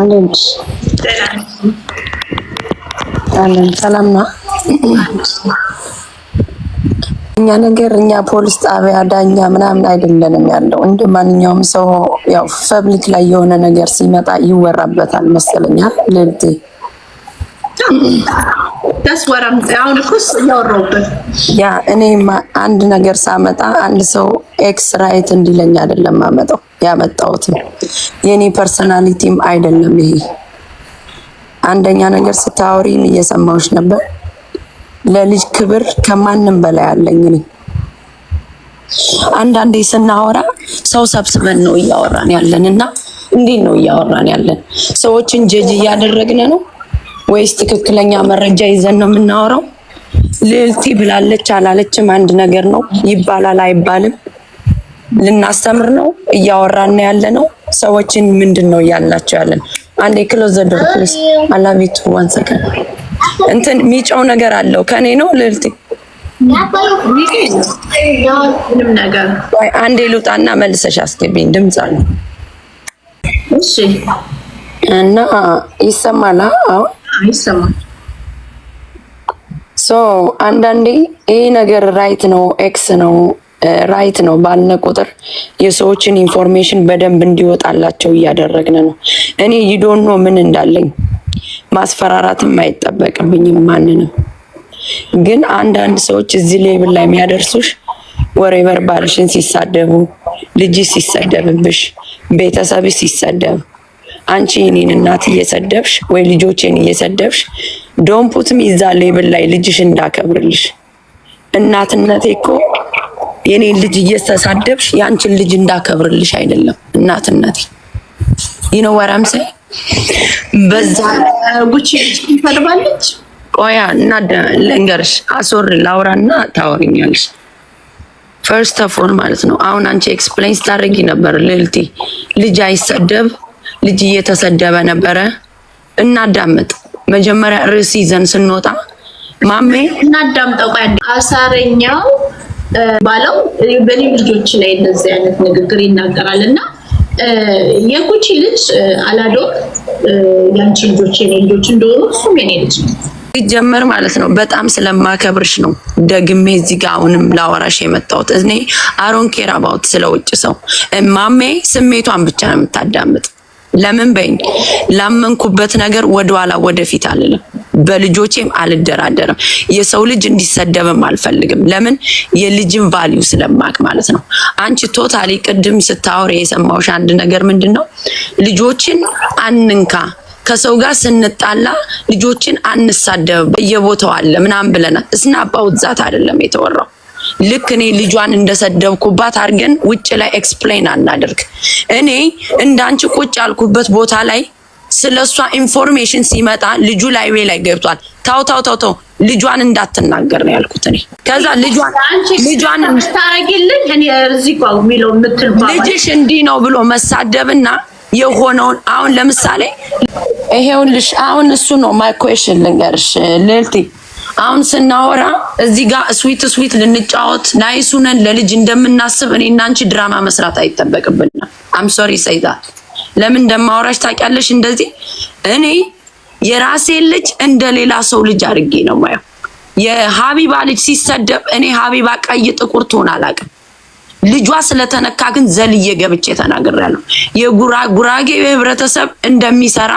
አለን ሰላም ነው። እኛ ነገር እኛ ፖሊስ ጣቢያ ዳኛ ምናምን አይደለንም ያለው። እንደ ማንኛውም ሰው ያው ፐብሊክ ላይ የሆነ ነገር ሲመጣ ይወራበታል መሰለኛል ልልቴ ያ እኔ አንድ ነገር ሳመጣ አንድ ሰው ኤክስ ራይት እንዲለኝ አይደለም ማመጣው ያመጣውት የኔ ፐርሰናሊቲም አይደለም። ይሄ አንደኛ ነገር ስታወሪም እየሰማሁሽ ነበር። ለልጅ ክብር ከማንም በላይ አለኝ እኔ። አንዳንዴ ስናወራ ሰው ሰብስበን ነው እያወራን ያለን እና እንዴት ነው እያወራን ያለን? ሰዎችን ጀጅ እያደረግን ነው ወይስ ትክክለኛ መረጃ ይዘን ነው የምናወራው? ልዕልቲ ብላለች አላለችም አንድ ነገር ነው ይባላል አይባልም። ልናስተምር ነው እያወራን ያለ ነው። ሰዎችን ምንድን ነው እያላቸው ያለን? አንዴ ክሎዝ ዘ ዶር ፕሊዝ አላቪቱ ዋን ሰከንድ። እንትን ሚጫው ነገር አለው ከኔ ነው ልዕልቲ አንዴ ልውጣና መልሰሽ አስገቢኝ። ድምፅ አለ እና ይሰማል። አሁን ይሰማል። ሶ አንዳንዴ ይህ ነገር ራይት ነው ኤክስ ነው ራይት ነው ባልነ ቁጥር የሰዎችን ኢንፎርሜሽን በደንብ እንዲወጣላቸው እያደረግን ነው። እኔ ይዶኖ ምን እንዳለኝ ማስፈራራትም አይጠበቅብኝም ማንንም። ግን አንዳንድ ሰዎች እዚህ ሌብል ላይ የሚያደርሱሽ ወሬ በር ባልሽን ሲሳደቡ፣ ልጅሽ ሲሰደብብሽ፣ ቤተሰብሽ ሲሰደብ አንቺ የኔን እናት እየሰደብሽ ወይ ልጆቼን እየሰደብሽ ዶንፑትም ይዛ ሌብል ላይ ልጅሽ እንዳከብርልሽ እናትነቴ እኮ የኔን ልጅ እየተሳደብሽ የአንቺን ልጅ እንዳከብርልሽ አይደለም እናትነቴ። ይህ ነው በዛ ጉቺ ትፈርባለች። ቆያ እና ለንገርሽ አሶር ላውራና ታወሪኛለሽ። ፈርስት ኦፍ ኦል ማለት ነው አሁን አንቺ ኤክስፕሌን ስታደርጊ ነበር ልልቲ ልጅ አይሰደብ ልጅ እየተሰደበ ነበረ። እናዳምጥ። መጀመሪያ ርዕስ ይዘን ስንወጣ ማሜ እናዳምጠው። አሳረኛው ባለው በኔ ልጆች ላይ እንደዚህ አይነት ንግግር ይናገራል እና የኩቺ ልጅ አላዶ ያንቺ ልጆች የኔ ልጆች እንደሆኑ እሱም የኔ ልጅ ነው ጀመር ማለት ነው። በጣም ስለማከብርሽ ነው ደግሜ እዚህ ጋር አሁንም ላወራሽ የመጣሁት። እኔ አሮን ኬር አባውት ስለ ሰው ማሜ ስሜቷን ብቻ ነው የምታዳምጥ። ለምን በይኝ። ላመንኩበት ነገር ወደኋላ ወደፊት አልልም። በልጆቼም አልደራደርም። የሰው ልጅ እንዲሰደብም አልፈልግም። ለምን የልጅን ቫሊዩ ስለማቅ ማለት ነው። አንቺ ቶታሊ ቅድም ስታወር የሰማሁሽ አንድ ነገር ምንድን ነው? ልጆችን አንንካ ከሰው ጋር ስንጣላ ልጆችን አንሳደብ በየቦታው አለ ምናምን ብለናል። እስና አባውት ዛት አይደለም የተወራው ልክ እኔ ልጇን እንደሰደብኩባት አድርገን ውጭ ላይ ኤክስፕሌን አናደርግ። እኔ እንዳንቺ ቁጭ ያልኩበት ቦታ ላይ ስለ እሷ ኢንፎርሜሽን ሲመጣ ልጁ ላይ ቤ ላይ ገብቷል። ታው ታው ታው ታው ልጇን እንዳትናገር ነው ያልኩት እኔ። ከዛ ልጇን ልጇን ታረጊልኝ እኔ እዚህ ጋር የሚለው ምትል ልጅሽ እንዲህ ነው ብሎ መሳደብና የሆነውን አሁን ለምሳሌ ይሄውን ልሽ አሁን እሱ ነው ማይ ኩዌሽን ልንገርሽ ልልቴ አሁን ስናወራ እዚህ ጋር ስዊት ስዊት ልንጫወት ናይስ ሁነን ለልጅ እንደምናስብ እኔ እና አንቺ ድራማ መስራት አይጠበቅብና አም ሶሪ ሰይዛ ለምን እንደማወራሽ ታውቂያለሽ። እንደዚህ እኔ የራሴ ልጅ እንደ ሌላ ሰው ልጅ አድርጌ ነው ማየው። የሀቢባ ልጅ ሲሰደብ እኔ ሀቢባ ቀይ ጥቁር ትሆን አላውቅም። ልጇ ስለተነካ ግን ዘልዬ ገብቼ ተናግሬያለሁ። የጉራጌ ህብረተሰብ እንደሚሰራ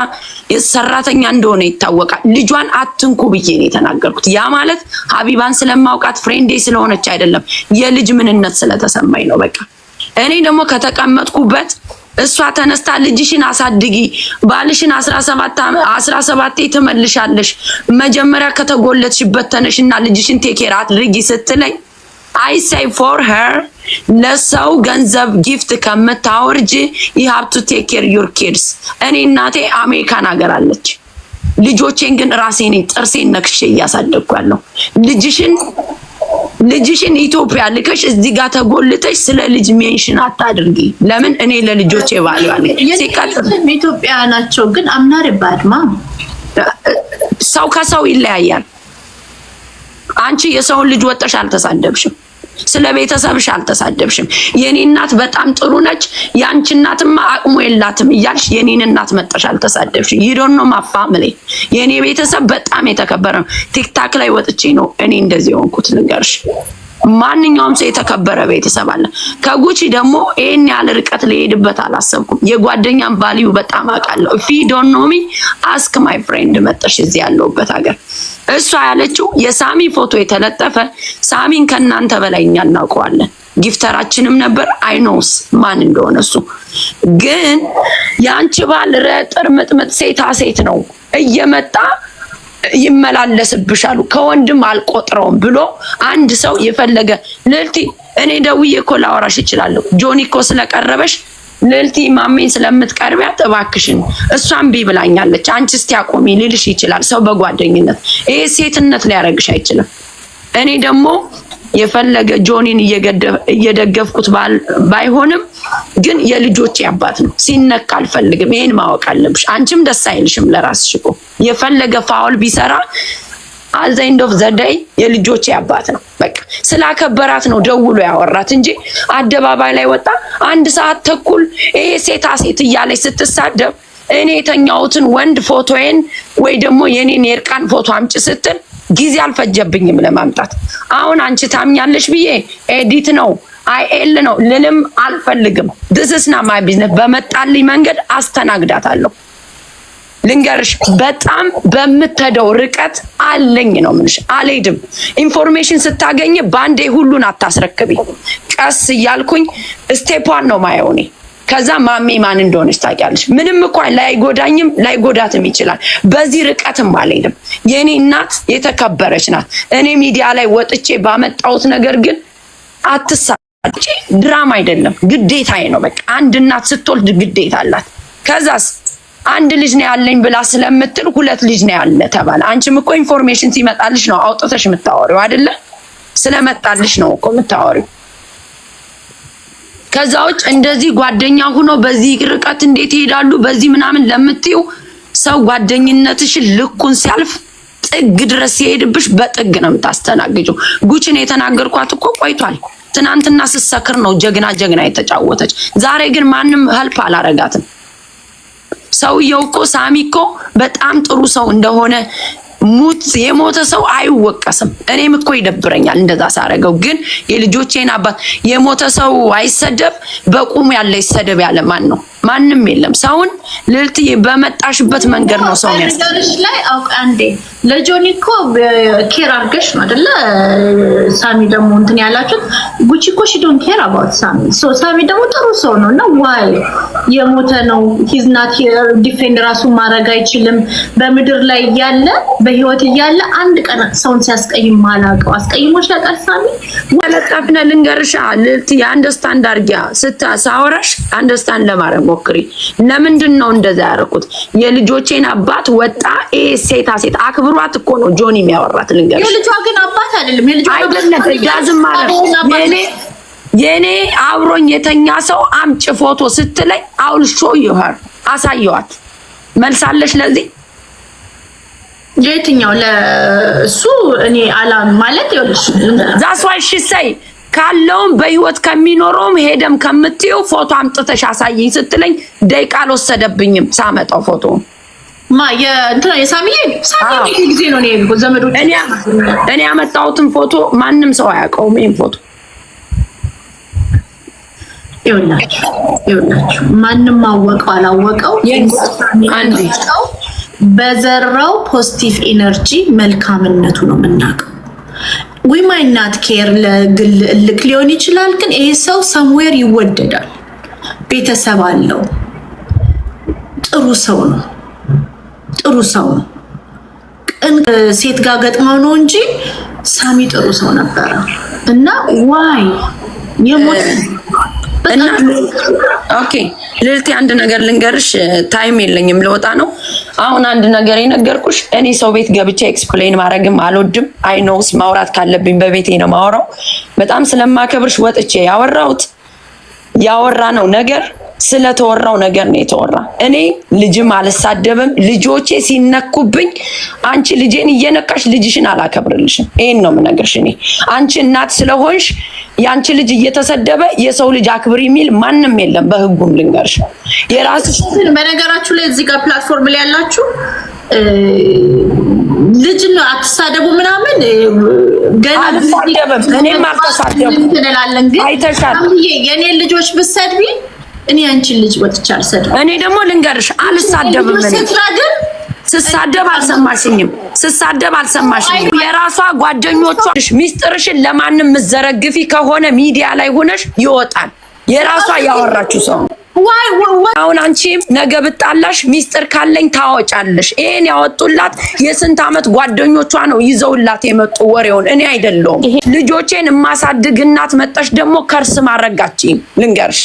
ሰራተኛ እንደሆነ ይታወቃል። ልጇን አትንኩ ብዬ ነው የተናገርኩት። ያ ማለት ሀቢባን ስለማውቃት ፍሬንዴ ስለሆነች አይደለም፣ የልጅ ምንነት ስለተሰማኝ ነው። በቃ እኔ ደግሞ ከተቀመጥኩበት እሷ ተነስታ ልጅሽን አሳድጊ ባልሽን አስራ ሰባቴ ትመልሻለሽ መጀመሪያ ከተጎለትሽበት ተነሽና ልጅሽን ቴኬር አድርጊ ስትለኝ አይ ሴይ ፎር ሄር ለሰው ገንዘብ ጊፍት ከምታወርጅ ዩ ሃብ ቱ ቴክ ኬር ዩር ኪድስ። እኔ እናቴ አሜሪካን ሀገር አለች። ልጆቼን ግን ራሴን ጥርሴን ነክሼ እያሳደግኩ ያለው ልጅሽን ልጅሽን ኢትዮጵያ ልከሽ እዚህ ጋር ተጎልተሽ ስለ ልጅ ሜንሽን አታድርጊ። ለምን እኔ ለልጆቼ ባሉ ሲቀጥል ኢትዮጵያ ናቸው። ግን አምናር ባድማ ሰው ከሰው ይለያያል። አንቺ የሰውን ልጅ ወጠሽ አልተሳደብሽም። ስለ ቤተሰብሽ አልተሳደብሽም። የኔ እናት በጣም ጥሩ ነች፣ ያንቺ እናትማ አቅሙ የላትም እያልሽ የኔን እናት መጠሽ አልተሳደብሽም። ይዶኖ ማፋምሌ የኔ ቤተሰብ በጣም የተከበረ ነው። ቲክታክ ላይ ወጥቼ ነው እኔ እንደዚህ የሆንኩት ልንገርሽ። ማንኛውም ሰው የተከበረ ቤተሰብ አለ። ከጉቺ ደግሞ ይሄን ያህል ርቀት ሊሄድበት አላሰብኩም። የጓደኛም ቫልዩ በጣም አውቃለሁ። ፊ ዶን ኖ ሚ አስክ ማይ ፍሬንድ መጠሽ እዚህ ያለውበት ሀገር እሷ ያለችው የሳሚ ፎቶ የተለጠፈ ሳሚን ከእናንተ በላይ እኛ እናውቀዋለን። ጊፍተራችንም ነበር አይኖስ ማን እንደሆነ እሱ ግን ያንቺ ባል ረጥር ምጥምጥ ሴታ ሴት ነው እየመጣ ይመላለስብሻሉ ከወንድም አልቆጥረውም ብሎ አንድ ሰው የፈለገ ልልቲ እኔ ደውዬ እኮ ላወራሽ እችላለሁ። ጆኒ እኮ ስለቀረበሽ ልልቲ ማሜን ስለምትቀርቢያት እባክሽን፣ እሷን ቢ ብላኛለች፣ አንቺ እስቲ አቆሚ ልልሽ ይችላል ሰው በጓደኝነት። ይሄ ሴትነት ሊያደርግሽ አይችልም። እኔ ደግሞ የፈለገ ጆኒን እየደገፍኩት ባይሆንም ግን የልጆቼ አባት ነው። ሲነካ አልፈልግም። ይሄን ማወቅ አለብሽ። አንቺም ደስ አይልሽም ለራስሽ እኮ የፈለገ ፋውል ቢሰራ አት ዘ ኤንድ ኦፍ ዘ ደይ የልጆቼ አባት ነው። በቃ ስላከበራት ነው ደውሎ ያወራት እንጂ አደባባይ ላይ ወጣ አንድ ሰዓት ተኩል ይሄ ሴታ ሴት እያለች ስትሳደብ እኔ የተኛሁትን ወንድ ፎቶዬን ወይ ደግሞ የኔን የእርቃን ፎቶ አምጪ ስትል ጊዜ አልፈጀብኝም ለማምጣት። አሁን አንቺ ታምኛለሽ ብዬ ኤዲት ነው አይኤል ነው ልልም አልፈልግም። ድስስና ማይ ቢዝነስ በመጣልኝ መንገድ አስተናግዳታለሁ። ልንገርሽ በጣም በምትሄደው ርቀት አለኝ ነው ምንሽ። አልሄድም። ኢንፎርሜሽን ስታገኝ በአንዴ ሁሉን አታስረክቢ። ቀስ እያልኩኝ ስቴፓን ነው ማየው እኔ ከዛ ማሜ ማን እንደሆነች ታውቂያለች። ምንም እኳ ላይጎዳኝም ላይጎዳትም ይችላል። በዚህ ርቀትም አልሄድም። የእኔ እናት የተከበረች ናት። እኔ ሚዲያ ላይ ወጥቼ ባመጣሁት ነገር ግን አትሳ ድራማ አይደለም፣ ግዴታዬ ነው። በቃ አንድ እናት ስትወልድ ግዴታ አላት። ከዛስ አንድ ልጅ ነው ያለኝ ብላ ስለምትል ሁለት ልጅ ነው ያለ ተባለ። አንቺም እኮ ኢንፎርሜሽን ሲመጣልሽ ነው አውጥተሽ የምታወሪው አይደለ? ስለመጣልሽ ነው እኮ የምታወሪው። ከዛ ውጭ እንደዚህ ጓደኛ ሁኖ በዚህ ርቀት እንዴት ይሄዳሉ በዚህ ምናምን ለምትዩ ሰው ጓደኝነትሽን ልኩን ሲያልፍ ጥግ ድረስ ሲሄድብሽ በጥግ ነው የምታስተናግጀው። ጉችን የተናገርኳት እኮ ቆይቷል። ትናንትና ስትሰክር ነው ጀግና ጀግና የተጫወተች። ዛሬ ግን ማንም ህልፕ አላረጋትም። ሰውየው እኮ ሳሚ እኮ በጣም ጥሩ ሰው እንደሆነ ሙት የሞተ ሰው አይወቀስም። እኔም እኮ ይደብረኛል እንደዛ ሳረገው። ግን የልጆቼን አባት የሞተ ሰው አይሰደብ፣ በቁም ያለ ይሰደብ ያለ ማን ነው? ማንም የለም። ሰውን ልዕልትዬ በመጣሽበት መንገድ ነው ሰው ያስገርሽ ላይ አውቃ እንዴ ለጆኒ እኮ ኬር አድርገሽ ነው አይደለ? ሳሚ ደግሞ እንትን ያላችሁት ጉቺ እኮ ሺ ዶንት ኬር አባውት ሳሚ። ሶ ሳሚ ደግሞ ጥሩ ሰው ነው እና ዋይ የሞተ ነው ሂዝ ናት ሂር ዲፌንድ ራሱ ማድረግ አይችልም። በምድር ላይ እያለ በህይወት እያለ አንድ ቀን ሰውን ሲያስቀይም ማላቀው አስቀይሞሽ ያውቃል ሳሚ ተለጣፍነ ልንገርሻ ልዕልትዬ አንደርስታንድ አድርጊያ ስታ ሳውራሽ አንደርስታንድ ለማድረግ ሞክሪ። ለምንድን ነው እንደዛ ያደረኩት? የልጆቼን አባት ወጣ። ይሄ ሴታ ሴት አክብሯት እኮ ነው ጆኒ የሚያወራት። ልንገርሽ፣ የልጇ ግን አባት አይደለም። የልጇ አባት ዳዝም የእኔ አብሮኝ የተኛ ሰው አምጭ ፎቶ ስትለኝ አውል ሾ ይሆር አሳየዋት። መልሳለሽ ለዚህ የትኛው ለእሱ እኔ አላም ማለት ዛሷ እሺ ሰይ ካለውም በህይወት ከሚኖረውም ሄደም ከምትዩ ፎቶ አምጥተሽ አሳይኝ ስትለኝ ደቂቃ አልወሰደብኝም ሳመጣው ፎቶ እኔ ያመጣሁትን ፎቶ ማንም ሰው አያውቀውም። ይህን ፎቶ ይኸውላችሁ፣ ማንም አወቀው አላወቀው በዘራው ፖዚቲቭ ኢነርጂ መልካምነቱ ነው የምናውቀው። ዊ ማይ ናት ኬር ለግል እልክ ሊሆን ይችላል። ግን ይሄ ሰው ሰምዌር ይወደዳል፣ ቤተሰብ አለው፣ ጥሩ ሰው ነው። ጥሩ ሰው ነው። ቅን ሴት ጋር ገጥመው ነው እንጂ ሳሚ ጥሩ ሰው ነበረ እና ዋይ የሞት እና ኦኬ ልልቴ አንድ ነገር ልንገርሽ፣ ታይም የለኝም ልወጣ ነው። አሁን አንድ ነገር የነገርኩሽ፣ እኔ ሰው ቤት ገብቼ ኤክስፕሌን ማድረግም አልወድም። አይኖውስ ማውራት ካለብኝ በቤቴ ነው ማውራው። በጣም ስለማከብርሽ ወጥቼ ያወራሁት ያወራ ነው ነገር ስለተወራው ነገር ነው የተወራ። እኔ ልጅም አልሳደብም። ልጆቼ ሲነኩብኝ አንቺ ልጄን እየነካሽ ልጅሽን አላከብርልሽም። ይሄን ነው የምነግርሽ። እኔ አንቺ እናት ስለሆንሽ የአንቺ ልጅ እየተሰደበ የሰው ልጅ አክብር የሚል ማንም የለም። በህጉም ልንገርሽ የራስሽን በነገራችሁ ላይ እዚህ ጋር ፕላትፎርም ላይ ያላችሁ ልጅ ነው አትሳደቡ፣ ምናምን ገና አልሳደብም። እኔም አልተሳደብም። አይተሻል የኔን ልጆች ብትሰድቢ እኔ አንቺን ልጅ ወጥቼ አልሰድም። እኔ ደግሞ ልንገርሽ አልሳደብም። ስሳደብ አልሰማሽኝም። ስሳደብ አልሰማሽኝም። የራሷ ጓደኞቿ ሚስጥርሽን ለማንም ምዘረግፊ ከሆነ ሚዲያ ላይ ሆነሽ ይወጣል። የራሷ ያወራችሁ ሰው አሁን አንቺም ነገ ብጣላሽ ሚስጥር ካለኝ ታወጫለሽ። ይሄን ያወጡላት የስንት አመት ጓደኞቿ ነው ይዘውላት የመጡ ወሬውን፣ እኔ አይደለሁም ልጆቼን የማሳድግ እናት መጠሽ ደግሞ ከርስ ማረጋችኝ ልንገርሽ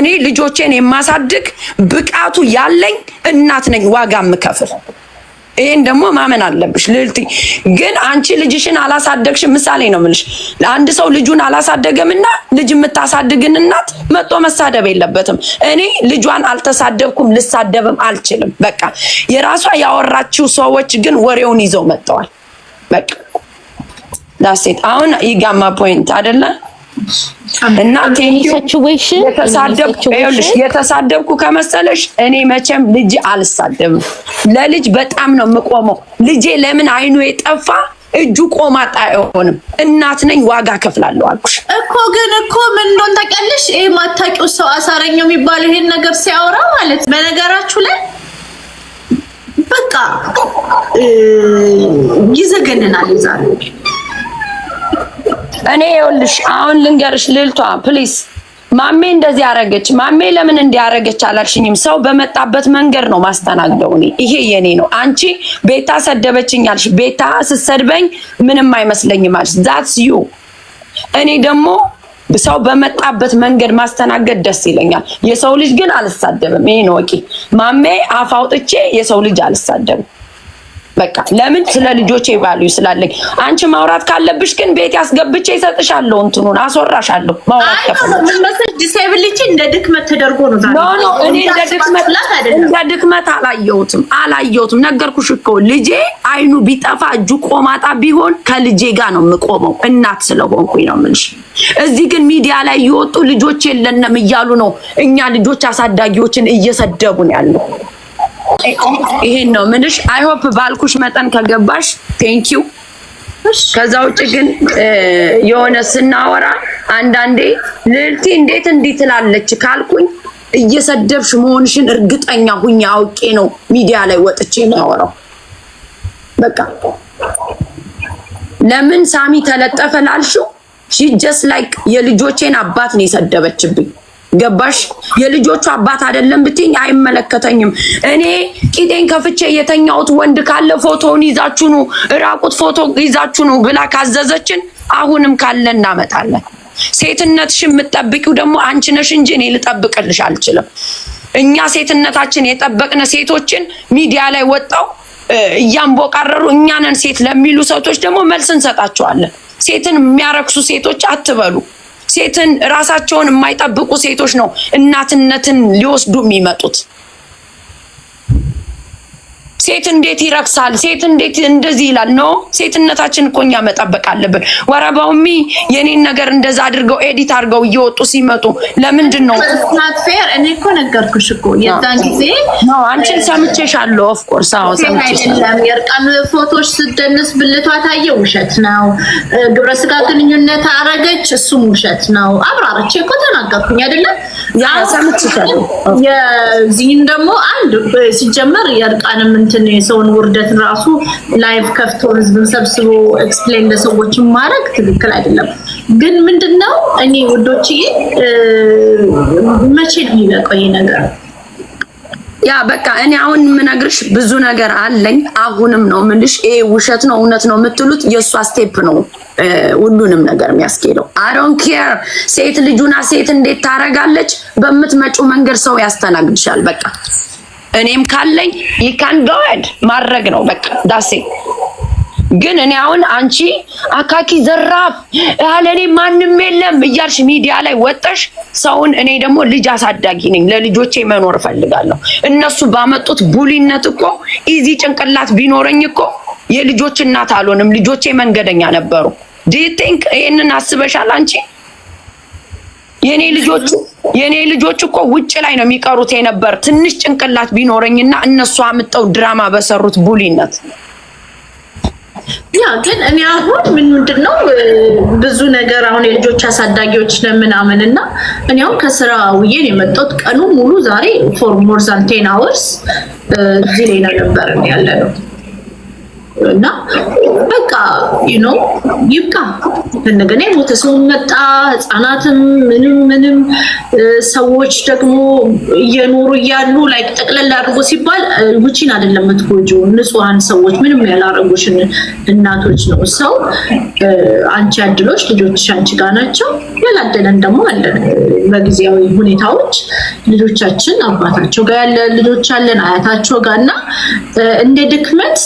እኔ ልጆቼን የማሳድግ ብቃቱ ያለኝ እናት ነኝ፣ ዋጋ የምከፍል ይህን ደግሞ ማመን አለብሽ ልልቲ ግን አንቺ ልጅሽን አላሳደግሽ፣ ምሳሌ ነው ምልሽ አንድ ሰው ልጁን አላሳደገምና ልጅ የምታሳድግን እናት መጦ መሳደብ የለበትም። እኔ ልጇን አልተሳደብኩም፣ ልሳደብም አልችልም። በቃ የራሷ ያወራችው ሰዎች ግን ወሬውን ይዘው መጥተዋል። በቃ ዳሴት አሁን ይጋማ ፖይንት አደለ እና የተሳደብኩ ከመሰለሽ እኔ መቼም ልጅ አልሳደብም። ለልጅ በጣም ነው የምቆመው። ልጄ ለምን አይኑ የጠፋ እጁ ቆማጣ አይሆንም። እናት ነኝ፣ ዋጋ ከፍላለሁ አልኩሽ እኮ። ግን እኮ ምን እንደሆነ ታውቂያለሽ? ይሄ ማታውቂው ሰው አሳረኛው የሚባለው ይሄን ነገር ሲያወራ ማለት በነገራችሁ ላይ በቃ ይዘገንናል ይዛል እኔ ይኸውልሽ አሁን ልንገርሽ ልልቷ ፕሊስ ማሜ እንደዚህ አረገች፣ ማሜ ለምን እንዲያረገች አላልሽኝም። ሰው በመጣበት መንገድ ነው ማስተናግደው። እኔ ይሄ የኔ ነው። አንቺ ቤታ ሰደበችኝ አልሽ፣ ቤታ ስትሰድበኝ ምንም አይመስለኝም አልሽ። ዛትስ ዩ። እኔ ደግሞ ሰው በመጣበት መንገድ ማስተናገድ ደስ ይለኛል። የሰው ልጅ ግን አልሳደብም። ይሄ ነው ወቂ። ማሜ አፍ አውጥቼ የሰው ልጅ አልሳደብም። በቃ ለምን ስለ ልጆቼ ባሉ ስላለኝ። አንቺ ማውራት ካለብሽ ግን ቤት ያስገብቼ ይሰጥሻለሁ፣ እንትኑን አስወራሻለሁ። ማውራት ዲሴብሊቲ እንደ ድክመት ተደርጎ ነው ዛሬ። ኖ እኔ እንደ ድክመት አላየሁትም፣ አላየሁትም። ነገርኩሽ እኮ ልጄ አይኑ ቢጠፋ እጁ ቆማጣ ቢሆን ከልጄ ጋር ነው የምቆመው፣ እናት ስለሆንኩኝ ነው የምልሽ። እዚህ ግን ሚዲያ ላይ እየወጡ ልጆች የለንም እያሉ ነው እኛ ልጆች አሳዳጊዎችን እየሰደቡን ያለው ይሄን ነው ምንሽ። አይሆፕ ባልኩሽ መጠን ከገባሽ ቴንኪው ዩ። ከዛ ውጭ ግን የሆነ ስናወራ አንዳንዴ ልልቲ እንዴት እንዲህ ትላለች ካልኩኝ እየሰደብሽ መሆንሽን እርግጠኛ ሁኝ አውቄ ነው ሚዲያ ላይ ወጥቼ የሚያወራው። በቃ ለምን ሳሚ ተለጠፈ ላልሽው ሺ ጀስት ላይክ የልጆቼን አባት ነው የሰደበችብኝ። ገባሽ? የልጆቹ አባት አይደለም ብትኝ አይመለከተኝም። እኔ ቂጤን ከፍቼ የተኛሁት ወንድ ካለ ፎቶውን ይዛችሁ ኑ፣ ራቁት ፎቶ ይዛችሁ ኑ ብላ ካዘዘችን አሁንም ካለ እናመጣለን። ሴትነትሽ የምትጠብቂው ደግሞ አንቺ ነሽ እንጂ እኔ ልጠብቅልሽ አልችልም። እኛ ሴትነታችን የጠበቅነ ሴቶችን ሚዲያ ላይ ወጣው እያንቦቃረሩ እኛንን ሴት ለሚሉ ሰቶች ደግሞ መልስ እንሰጣቸዋለን። ሴትን የሚያረክሱ ሴቶች አትበሉ። ሴትን ራሳቸውን የማይጠብቁ ሴቶች ነው እናትነትን ሊወስዱ የሚመጡት። ሴት እንዴት ይረክሳል? ሴት እንዴት እንደዚህ ይላል? ኖ ሴትነታችን እኮ እኛ መጠበቅ አለብን። ወረባውሚ የኔን ነገር እንደዛ አድርገው ኤዲት አድርገው እየወጡ ሲመጡ ለምንድን ነው ፌር? እኔ እኮ ነገርኩሽ እኮ የዛን ጊዜ አንቺን ሰምቼሻለሁ። ኦፍኮርስ አዎ ሰምቼሻለሁ። የእርቃን ፎቶች ስደንስ ብልቷ ታየ፣ ውሸት ነው። ግብረ ስጋ ግንኙነት አረገች፣ እሱም ውሸት ነው። አብራረች እኮ ተናገርኩኝ አይደለም? ሰምቼሻለሁ። የዚህን ደግሞ አንድ ሲጀመር የእርቃንም እንትን የሰውን ውርደት ራሱ ላይቭ ከፍቶ ህዝብን ሰብስቦ ኤክስፕሌን ለሰዎችን ማድረግ ትክክል አይደለም። ግን ምንድነው እኔ ውዶች መቼ ነው የሚበቃው ይሄ ነገር? ያ በቃ እኔ አሁን የምነግርሽ ብዙ ነገር አለኝ። አሁንም ነው ምልሽ ይሄ ውሸት ነው እውነት ነው የምትሉት የእሷ ስቴፕ ነው ሁሉንም ነገር የሚያስኬደው። አሮን ኬር ሴት ልጁና ሴት እንዴት ታረጋለች? በምትመጪው መንገድ ሰው ያስተናግድሻል። በቃ እኔም ካለኝ ይካን ጋድ ማድረግ ነው በቃ ዳሴ። ግን እኔ አሁን አንቺ አካኪ ዘራፍ ያለ እኔ ማንም የለም እያልሽ ሚዲያ ላይ ወጠሽ ሰውን እኔ ደግሞ ልጅ አሳዳጊ ነኝ፣ ለልጆቼ መኖር እፈልጋለሁ። እነሱ ባመጡት ቡሊነት እኮ ኢዚ ጭንቅላት ቢኖረኝ እኮ የልጆች እናት አልሆንም። ልጆቼ መንገደኛ ነበሩ። ዱ ቲንክ ይሄንን አስበሻል አንቺ የኔ ልጆቹ የእኔ ልጆች እኮ ውጭ ላይ ነው የሚቀሩት የነበር ትንሽ ጭንቅላት ቢኖረኝና እነሱ አምጠው ድራማ በሰሩት ቡሊነት ያ ግን እኔ አሁን ምን ምንድን ነው ብዙ ነገር አሁን የልጆች አሳዳጊዎች ነን ምናምን እና እኔ አሁን ከስራ ውዬን የመጣሁት። ቀኑ ሙሉ ዛሬ ፎር ሞር ዛን ቴን አወርስ እዚህ ነበር ያለ ነው። እና በቃ ዩ ዩኖ ይብቃ። እንደገና የሞተ ሰው መጣ፣ ህፃናትም ምንም ምንም ሰዎች ደግሞ እየኖሩ እያሉ ላይ ጠቅለል አድርጎ ሲባል ውጪን አይደለም የምትጎጂው፣ ንጹሐን ሰዎች ምንም ያላረጉሽን እናቶች ነው። ሰው አንቺ አድሎች ልጆች አንቺ ጋር ናቸው። ያላደለን ደግሞ አለን። በጊዜያዊ ሁኔታዎች ልጆቻችን አባታቸው ጋር ያለ ልጆች አለን፣ አያታቸው ጋር እና እንደ ድክመት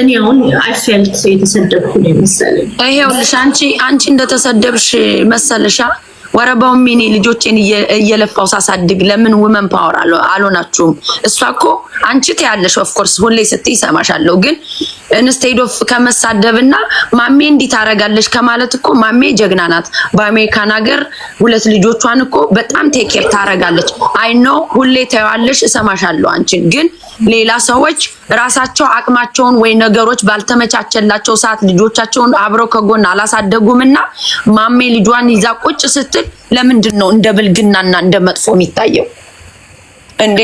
እኔ አሁን አይፌልት የተሰደብኩ ነው የመሰለኝ። ይኸውልሽ አንቺ አንቺ እንደተሰደብሽ መሰለሻ። ወረባው ሚኒ ልጆቼን እየለፋው ሳሳድግ ለምን ውመን ፓወር አልሆናችሁም? እሷ እኮ አንቺ ትያለሽ። ኦፍኮርስ ሁሌ ስትይ ይሰማሻለሁ። ግን ኢንስቴድ ኦፍ ከመሳደብና ማሜ እንዲህ ታረጋለሽ ከማለት እኮ ማሜ ጀግና ናት። በአሜሪካን ሀገር ሁለት ልጆቿን እኮ በጣም ቴኬር ታረጋለች። አይ ኖ ሁሌ ታየዋለሽ፣ እሰማሻለሁ አንቺን ግን ሌላ ሰዎች ራሳቸው አቅማቸውን ወይ ነገሮች ባልተመቻቸላቸው ሰዓት ልጆቻቸውን አብረው ከጎን አላሳደጉምና ማሜ ልጇን ይዛ ቁጭ ስትል ለምንድን ነው እንደ ብልግናና እንደ መጥፎ የሚታየው? እንዴ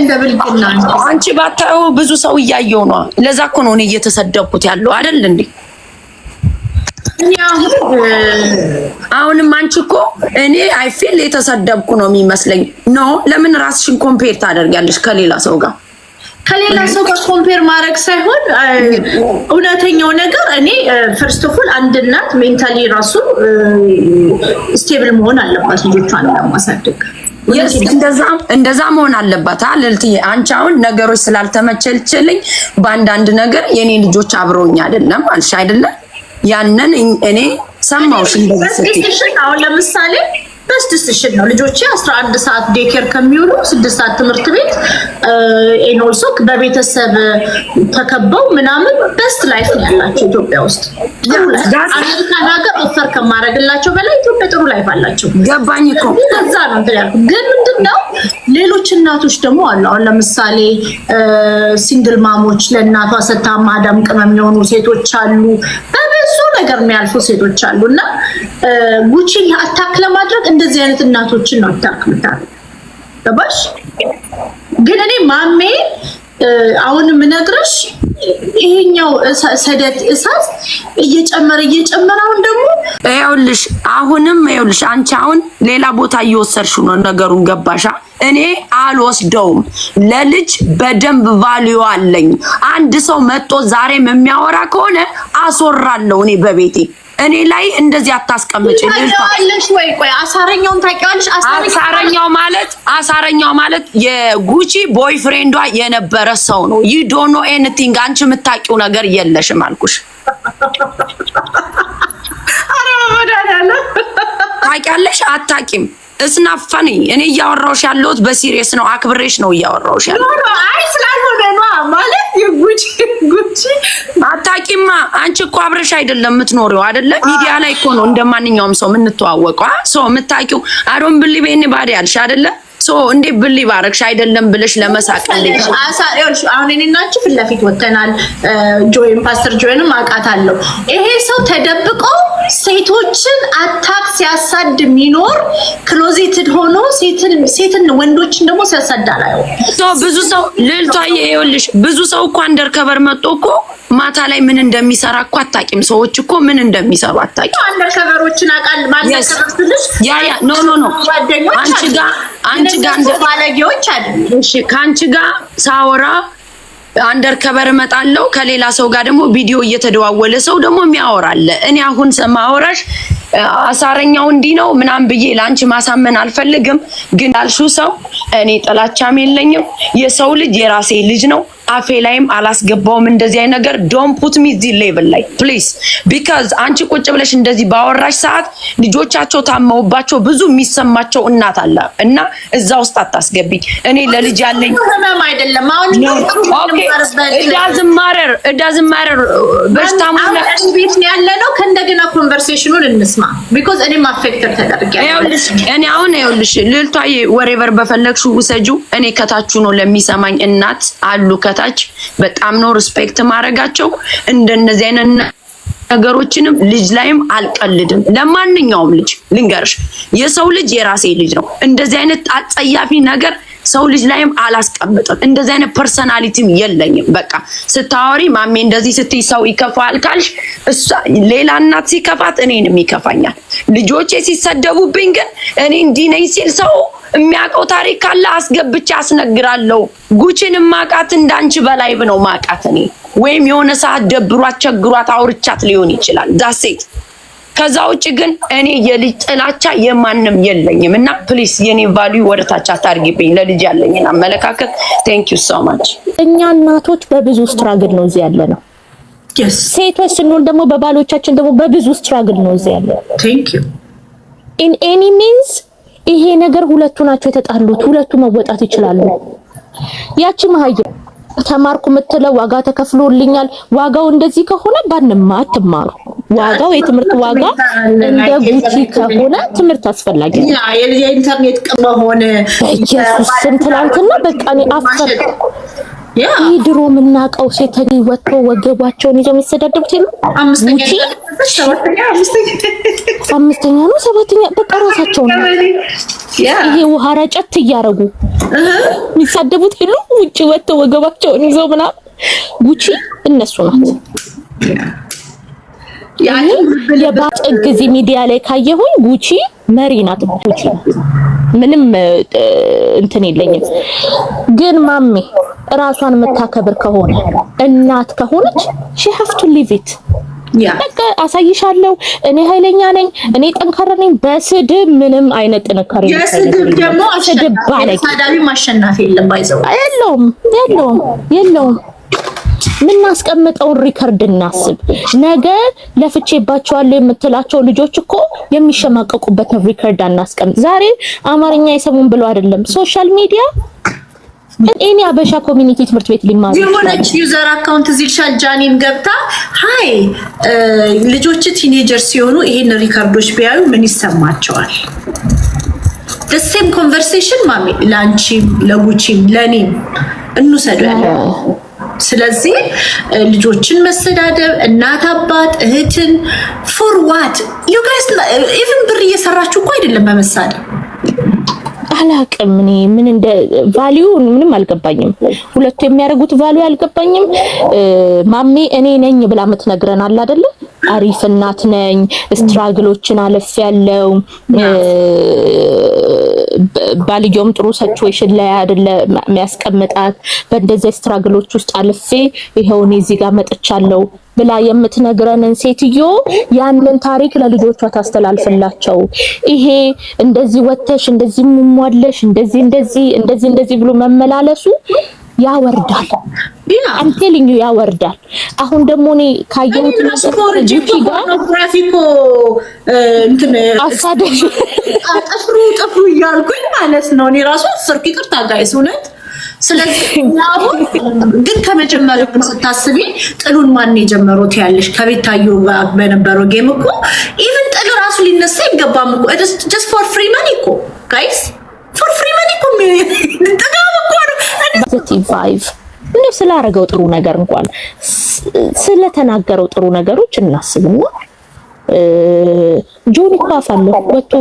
እንደ ብልግና አንቺ ባታየው ብዙ ሰው እያየው ነው። ለዛ እኮ ነው እኔ እየተሰደብኩት ያለው አይደል እንዴ? እኔ አሁን አሁንም አንቺ እኮ እኔ አይ ፊል የተሰደብኩ ነው የሚመስለኝ። ኖ ለምን ራስሽን ኮምፔር ታደርጊያለሽ ከሌላ ሰው ጋር? ከሌላ ሰው ጋር ኮምፔር ማድረግ ሳይሆን እውነተኛው ነገር እኔ ፈርስት ኦፍ ኦል አንድ እናት ሜንታሊ ራሱ ስቴብል መሆን አለባት ልጆቿን ለማሳደግ። እንደዛ መሆን አለባት። ልልት አንቺ አሁን ነገሮች ስላልተመቸልችልኝ በአንዳንድ ነገር የእኔ ልጆች አብረውኝ አይደለም አልሽ አይደለም ያንን እኔ ሰማሁሽ። አሁን ለምሳሌ በስድስት ነው ልጆቼ 11 ሰዓት ዴኬር ከሚውሉ ስድስት ሰዓት ትምህርት ቤት ኤኖልሶ በቤተሰብ ተከበው ምናምን በስት ላይፍ ነው ያላቸው ኢትዮጵያ ውስጥ። አሜሪካ ሀገር ኦፈር ከማድረግላቸው በላይ ኢትዮጵያ ጥሩ ላይፍ አላቸው። ገባኝ እኮ ከዛ ነው እንትን ግን ምንድን ነው ሌሎች እናቶች ደግሞ አሉ። አሁን ለምሳሌ ሲንግል ማሞች ለእናቷ ስታማ አዳም ቅመም የሆኑ ሴቶች አሉ። ነገር የሚያልፉ ሴቶች አሉ እና ጉቺን አታክ ለማድረግ እንደዚህ አይነት እናቶችን ነው አታክ ገባሽ? ግን እኔ ማሜ አሁን ምነግረሽ ይሄኛው ሰደድ እሳት እየጨመረ እየጨመረ አሁን ደግሞ ይኸውልሽ፣ አሁንም ይኸውልሽ፣ አንቺ አሁን ሌላ ቦታ እየወሰድሽ ነው ነገሩን። ገባሻ? እኔ አልወስደውም። ለልጅ በደንብ ቫልዩ አለኝ። አንድ ሰው መጥቶ ዛሬም የሚያወራ ከሆነ አስወራለሁ እኔ በቤቴ እኔ ላይ እንደዚህ አታስቀምጪ። ታውቂዋለሽ ወይ? ቆይ አሳረኛውን ታውቂዋለሽ? አሳረኛው ማለት አሳረኛው ማለት የጉቺ ቦይፍሬንዷ የነበረ ሰው ነው። ዩ ዶንት ኖ ኤኒቲንግ። አንቺ የምታውቂው ነገር የለሽም አልኩሽ። ታውቂያለሽ? አታውቂም እስና እኔ እያወራሁሽ ያለሁት በሲሪየስ ነው። አክብሬሽ ነው እያወራሁሽ ያለሁት። አይ ስላልሆነ ነው ማለት የጉቺ ጉቺ አታቂማ። አንቺ እኮ አብረሽ አይደለም የምትኖሪው አይደለ? ሚዲያ ላይ እኮ ነው እንደማንኛውም ሰው የምንተዋወቀው። ሰው የምታቂው አዶን ብሊቤኔ ባዲ ያልሽ አይደለ? ሶ እንዴ ብል ባረግሽ አይደለም ብለሽ ለመሳቀል አሳሪዎች አሁን እኔና አንቺ ፊት ለፊት ወተናል። ጆይን ፓስተር ጆይንም አውቃታለሁ። ይሄ ሰው ተደብቆ ሴቶችን አታክ ሲያሳድ የሚኖር ክሎዜትድ ሆኖ ሴትን ወንዶችን ደግሞ ሲያሳዳ አላየው። ብዙ ሰው ልልቷ ይኸውልሽ ብዙ ሰው እኮ አንደር መጦ እኮ ማታ ላይ ምን እንደሚሰራ እኮ አታቂም። ሰዎች እኮ ምን እንደሚሰሩ አታቂም። አንደርከበሮችን ከበሮችን አውቃለሁ ማለት ነው። ያ ያ ኖ ኖ ኖ አንቺ ጋር አንቺ ጋር ባለጌዎች አይደል? እሺ፣ ከአንቺ ጋር ሳወራ አንደር ከበር እመጣለሁ። ከሌላ ሰው ጋር ደግሞ ቪዲዮ እየተደዋወለ ሰው ደግሞ የሚያወራለ። እኔ አሁን ማወራሽ አሳረኛው እንዲህ ነው ምናምን ብዬ ለአንቺ ማሳመን አልፈልግም፣ ግን ላልሹ ሰው እኔ ጥላቻም የለኝም። የሰው ልጅ የራሴ ልጅ ነው። አፌ ላይም አላስገባውም እንደዚህ አይነት ነገር። ዶን ፑት ሚ ዚ ሌቭል ላይ ፕሊዝ ቢካዝ አንቺ ቁጭ ብለሽ እንደዚህ ባወራሽ ሰዓት ልጆቻቸው ታመውባቸው ብዙ የሚሰማቸው እናት አለ እና እዛ ውስጥ አታስገቢኝ። እኔ ለልጅ ያለኝ ህመም አይደለም። እዳዝማረር እዳዝማረር በሽታሙ ነው ያለ ነው። ከእንደገና ኮንቨርሴሽኑን እንስማ ቢኮዝ እኔም አፌክተር ተደርጊያለሁ። እኔ አሁን ይኸውልሽ ልልቷዬ ወሬቨር በፈለግ ከፈለግሹ ውሰጁ። እኔ ከታችሁ ነው ለሚሰማኝ እናት አሉ ከታች በጣም ነው ሪስፔክት ማድረጋቸው። እንደነዚህ አይነት ነገሮችንም ልጅ ላይም አልቀልድም። ለማንኛውም ልጅ ልንገርሽ፣ የሰው ልጅ የራሴ ልጅ ነው። እንደዚህ አይነት አጸያፊ ነገር ሰው ልጅ ላይም አላስቀምጥም። እንደዚህ አይነት ፐርሰናሊቲም የለኝም። በቃ ስታወሪ ማሜ እንደዚህ ስትይ ሰው ይከፋል ካልሽ እሷ ሌላ እናት ሲከፋት እኔንም ይከፋኛል። ልጆቼ ሲሰደቡብኝ ግን እኔ እንዲህ ነኝ ሲል ሰው የሚያውቀው ታሪክ ካለ አስገብቼ አስነግራለሁ። ጉቺን ማቃት እንዳንቺ በላይ ብነው ማቃት እኔ ወይም የሆነ ሰዓት ደብሯት ቸግሯት አውርቻት ሊሆን ይችላል ዳሴት ከዛ ውጭ ግን እኔ የልጅ ጥላቻ የማንም የለኝም እና ፕሊስ የኔ ቫልዩ ወደታች አታርጊብኝ። ለልጅ ያለኝን አመለካከት ቴንክ ዩ ሶ ማች። እኛ እናቶች በብዙ ስትራግል ነው እዚህ ያለ ነው። ሴቶች ስንሆን ደግሞ በባሎቻችን ደግሞ በብዙ ስትራግል ነው እዚህ ያለ ነው። ቴንክ ዩ ኢን ኤኒ ሚንስ ይሄ ነገር ሁለቱ ናቸው የተጣሉት። ሁለቱ መወጣት ይችላሉ። ያቺ መሀየም ተማርኩ የምትለው ዋጋ ተከፍሎልኛል። ዋጋው እንደዚህ ከሆነ ባንማ አትማሩ። ዋጋው የትምህርት ዋጋ እንደ ጉቺ ከሆነ ትምህርት አስፈላጊ ነው። የኢንተርኔት ቅመ ሆነ ኢየሱስም ትላንትና በቃ እኔ አፈር ይህ ድሮ የምናውቀው ሴተኝ ወጥቶ ወገቧቸውን ይዘው የሚሰዳደቡት የሉ አምስተኛ ነው ሰባተኛ በቃ ራሳቸው ነው ይሄ ውሃ ረጨት እያደረጉ የሚሳደቡት ሁሉ ውጭ ወጥተው ወገባቸውን ይዘው ምናምን ጉቺ እነሱ ናት። የባጭ ጊዜ ሚዲያ ላይ ካየሁኝ ጉቺ መሪ ናት። ጉቺ ምንም እንትን የለኝም። ግን ማሜ እራሷን የምታከብር ከሆነ እናት ከሆነች ሺ ሊቭ ኢት በቃ አሳይሻለሁ፣ እኔ ኃይለኛ ነኝ፣ እኔ ጠንካራ ነኝ። በስድብ ምንም አይነት ጥንካሬ የስድብ ደግሞ የለውም የለውም የለውም። የምናስቀምጠውን ሪከርድ እናስብ። ነገ ለፍቼባቸዋለሁ የምትላቸው ልጆች እኮ የሚሸማቀቁበትን ሪከርድ አናስቀምጥ። ዛሬ አማርኛ የሰሙን ብሎ አይደለም ሶሻል ሚዲያ ኤኒ አበሻ ኮሚኒቲ ትምህርት ቤት ሊማሩ የሆነች ዩዘር አካውንት እዚህ ልሻል ጃኒን ገብታ ሀይ ልጆች ቲኔጀር ሲሆኑ ይሄን ሪካርዶች ቢያዩ ምን ይሰማቸዋል? ደሴም ኮንቨርሴሽን ማሚ ለአንቺም ለጉቺም ለእኔም እንውሰዱ ያለ ስለዚህ ልጆችን መሰዳደብ እናት አባት እህትን ፎርዋት ዩጋስ ዩ ኢቭን ብር እየሰራችሁ እኮ አይደለም በመሳደብ አላቅም እኔ ምን እንደ ቫልዩ ምንም አልገባኝም። ሁለቱ የሚያደርጉት ቫልዩ አልገባኝም። ማሜ እኔ ነኝ ብላ ምትነግረን አለ አይደለ አሪፍ እናት ነኝ፣ ስትራግሎችን አለፍ ያለው ባልየውም ጥሩ ሰችዌሽን ላይ አይደለ የሚያስቀምጣት በእንደዚያ ስትራግሎች ውስጥ አልፌ ይኸውን እዚህ ጋር መጥቻለሁ ብላ የምትነግረንን ሴትዮ ያንን ታሪክ ለልጆቿ ታስተላልፍላቸው። ይሄ እንደዚህ ወተሽ እንደዚህ ሙሟለሽ እንደዚህ እንደዚህ እንደዚህ እንደዚህ ብሎ መመላለሱ ያወርዳል። ያወርዳል። አሁን ደግሞ እኔ ካየሁት ጥፍሩ ጥፍሩ እያልኩኝ ማለት ነው እኔ ራሱ ይቅርታ ጋይስ እውነት ስለዚህ ግን ከመጀመሪያው ስታስቢ ጥሉን ማን የጀመሩት ያለሽ ታዩ በነበረው ጌም እኮ ኢቭን ጥል ራሱ ሊነሳ ይገባም እኮ ጀስት ፎር ፍሪ ማን እኮ ጋይስ ፎር ፍሪ መኒ እኮ ጥጋብ እኮ ነው። ፖዚቲቭ ስላደረገው ጥሩ ነገር እንኳን ስለተናገረው ጥሩ ነገሮች እናስብና ጆኒ እኮ አፍ አለው ወጥቶ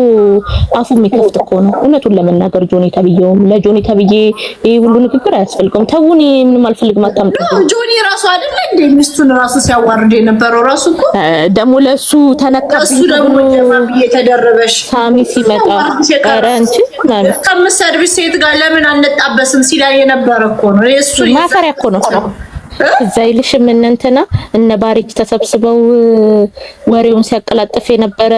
አፉ የሚከፍት እኮ ነው። እውነቱን ለመናገር ጆኒ ተብዬውም ለጆኒ ተብዬ ይሄ ሁሉ ንግግር አያስፈልገውም። ተውን ምንም አልፈልግም። አታምጡ። ጆኒ ራሱ አይደለ እንዴ ሚስቱን ራሱ ሲያዋርድ የነበረው ራሱ እኮ ደግሞ ለሱ ተነካብኝ። እሱ ደግሞ ጀማም እየተደረበሽ ሳሚ ሲመጣ ኧረ እንቺ ማለት ከምትሰድብሽ ሴት ጋር ለምን አንጣበስም ሲላ የነበረ እኮ ነው። እሱ ማፈሪያ እኮ ነው። እዛ ይልሽም እነ እነ ባሪጅ ተሰብስበው ወሬውን ሲያቀላጥፍ የነበረ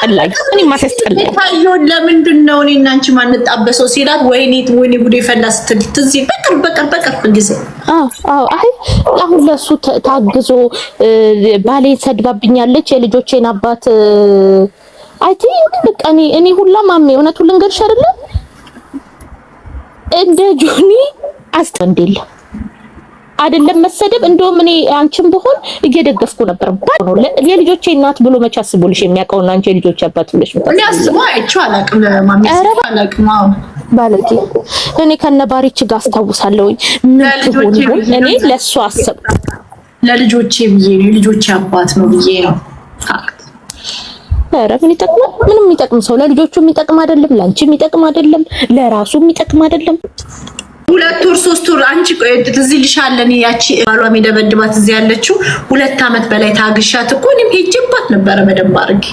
ጠላኝ። ምን ማስጠላኝ ታዩን። ለምንድን ነው እኔ እና አንቺ ማንጣበሰው ሲላት ወይኔ ወይኔ ጉዴ ፈላ ስትል ትዚ በቅርብ በቅርብ በቅርብ ጊዜ አዎ አይ አሁን ለሱ ታግዞ ባሌ ሰድባብኛለች የልጆቼን አባት አይ ቲንክ በቃ እኔ እኔ ሁላ ማሜ እውነቱን ልንገርሽ አይደለ እንደ ጆኒ አስተንዴል አይደለም መሰደብ። እንደውም እኔ አንቺም ብሆን እየደገፍኩ ነበር። የልጆቼ እናት ብሎ መቼ አስቦልሽ የሚያውቀውና አንቺ የልጆች አባት ብለሽ ባለጌ። እኔ ከነባሪች ጋር አስታውሳለሁኝ። ምን ትሆን ይሆን? እኔ ለእሱ አስብ ለልጆቼ ብዬ ነው፣ የልጆቼ አባት ነው ብዬ ነው። ኧረ ምን ይጠቅማል? ምንም የሚጠቅም ሰው ለልጆቹ የሚጠቅም አይደለም፣ ለአንቺ የሚጠቅም አይደለም፣ ለራሱ የሚጠቅም አይደለም። ሁለት ወር ሶስት ወር አንቺ ትዝ ይልሻለን ያቺ ባሏ የሚደበድባት እዚህ ያለችው ሁለት አመት በላይ ታግሻት እኮ እኔም ሄጅባት ነበረ በደንብ አድርጌ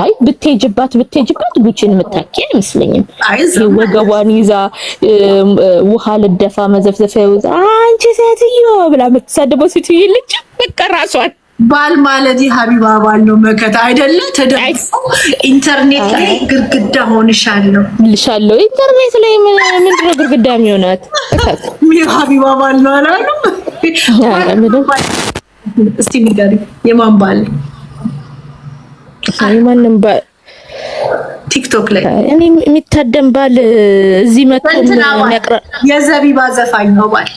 አይ ብትሄጅባት ብትሄጅባት ጉቺን የምታኪ አይመስለኝም። ወገቧን ይዛ ውሃ ልደፋ መዘፍዘፊያ ይዛ አንቺ ሴትዮ ብላ የምትሳደበው ሴትዮ የለችም። በቃ ራሷን ባል ማለት የሀቢባ ባል ነው መከታ አይደለ? ተደምጾ ኢንተርኔት ላይ ግርግዳ ሆንሻለሁ ልሻለሁ። ኢንተርኔት ላይ ምንድን ነው ግርግዳ የሚሆናት? የሀቢባ ባል ነው አላሉ። እስቲ ንገሪኝ፣ የማን ባል? ማንም ባል ቲክቶክ ላይ እኔ የሚታደም ባል እዚህ መጥቶ የዘቢባ ዘፋኝ ነው ባል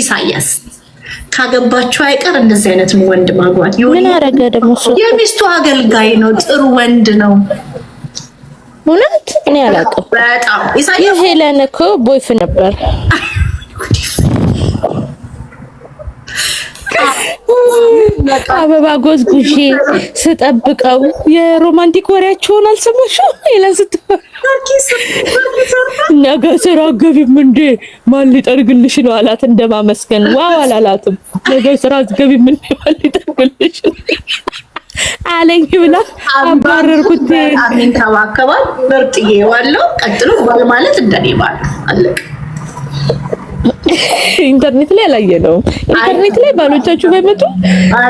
ኢሳያስ ካገባቸው አይቀር እንደዚህ አይነት ወንድ ማግባት የሚስቱ አገልጋይ ነው። ጥሩ ወንድ ነው። እውነት እኔ አላውቅም። በጣም ይሄ ለነኮ ቦይፍ ነበር። አበባ ጎዝጉዤ ስጠብቀው የሮማንቲክ ወሬያቸውን አልሰማሽም? ይላል ስትሆን ነገ ስራ አትገቢም እንዴ ማን ሊጠርግልሽ ነው አላት። እንደማመስገን ዋው አላላትም። ነገ ስራ አትገቢም እንዴ ማን ሊጠርግልሽ አለኝ ብላ አባረርኩት። አሜን ተባከባል። ምርጥዬ ዋለው ቀጥሎ ባል ማለት እንደኔ ባል አለቅ ኢንተርኔት ላይ አላየ ነው። ኢንተርኔት ላይ ባሎቻችሁ በመጡ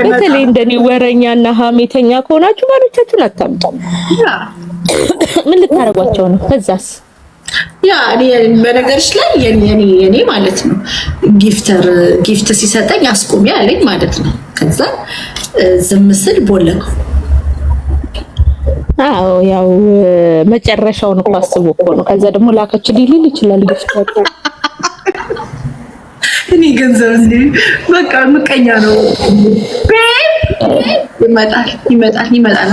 በተለይ እንደኔ ወረኛና ሀሜተኛ ከሆናችሁ ባሎቻችሁን አታምጡ። ምን ልታረጓቸው ነው? ከዛስ ያ እኔ በነገርሽ ላይ የኔ የኔ ማለት ነው ጊፍተር ጊፍት ሲሰጠኝ አስቆሚ አለኝ ማለት ነው። ከዛ ዝም ስል ቦለኩ። አዎ ያው መጨረሻውን እኮ አስቦ እኮ ነው። ከዛ ደግሞ ላከች ሊል ይችላል ጊፍተር እኔ ገንዘብ እንደ በቃ ምቀኛ ነው። ይመጣል ይመጣል ይመጣል።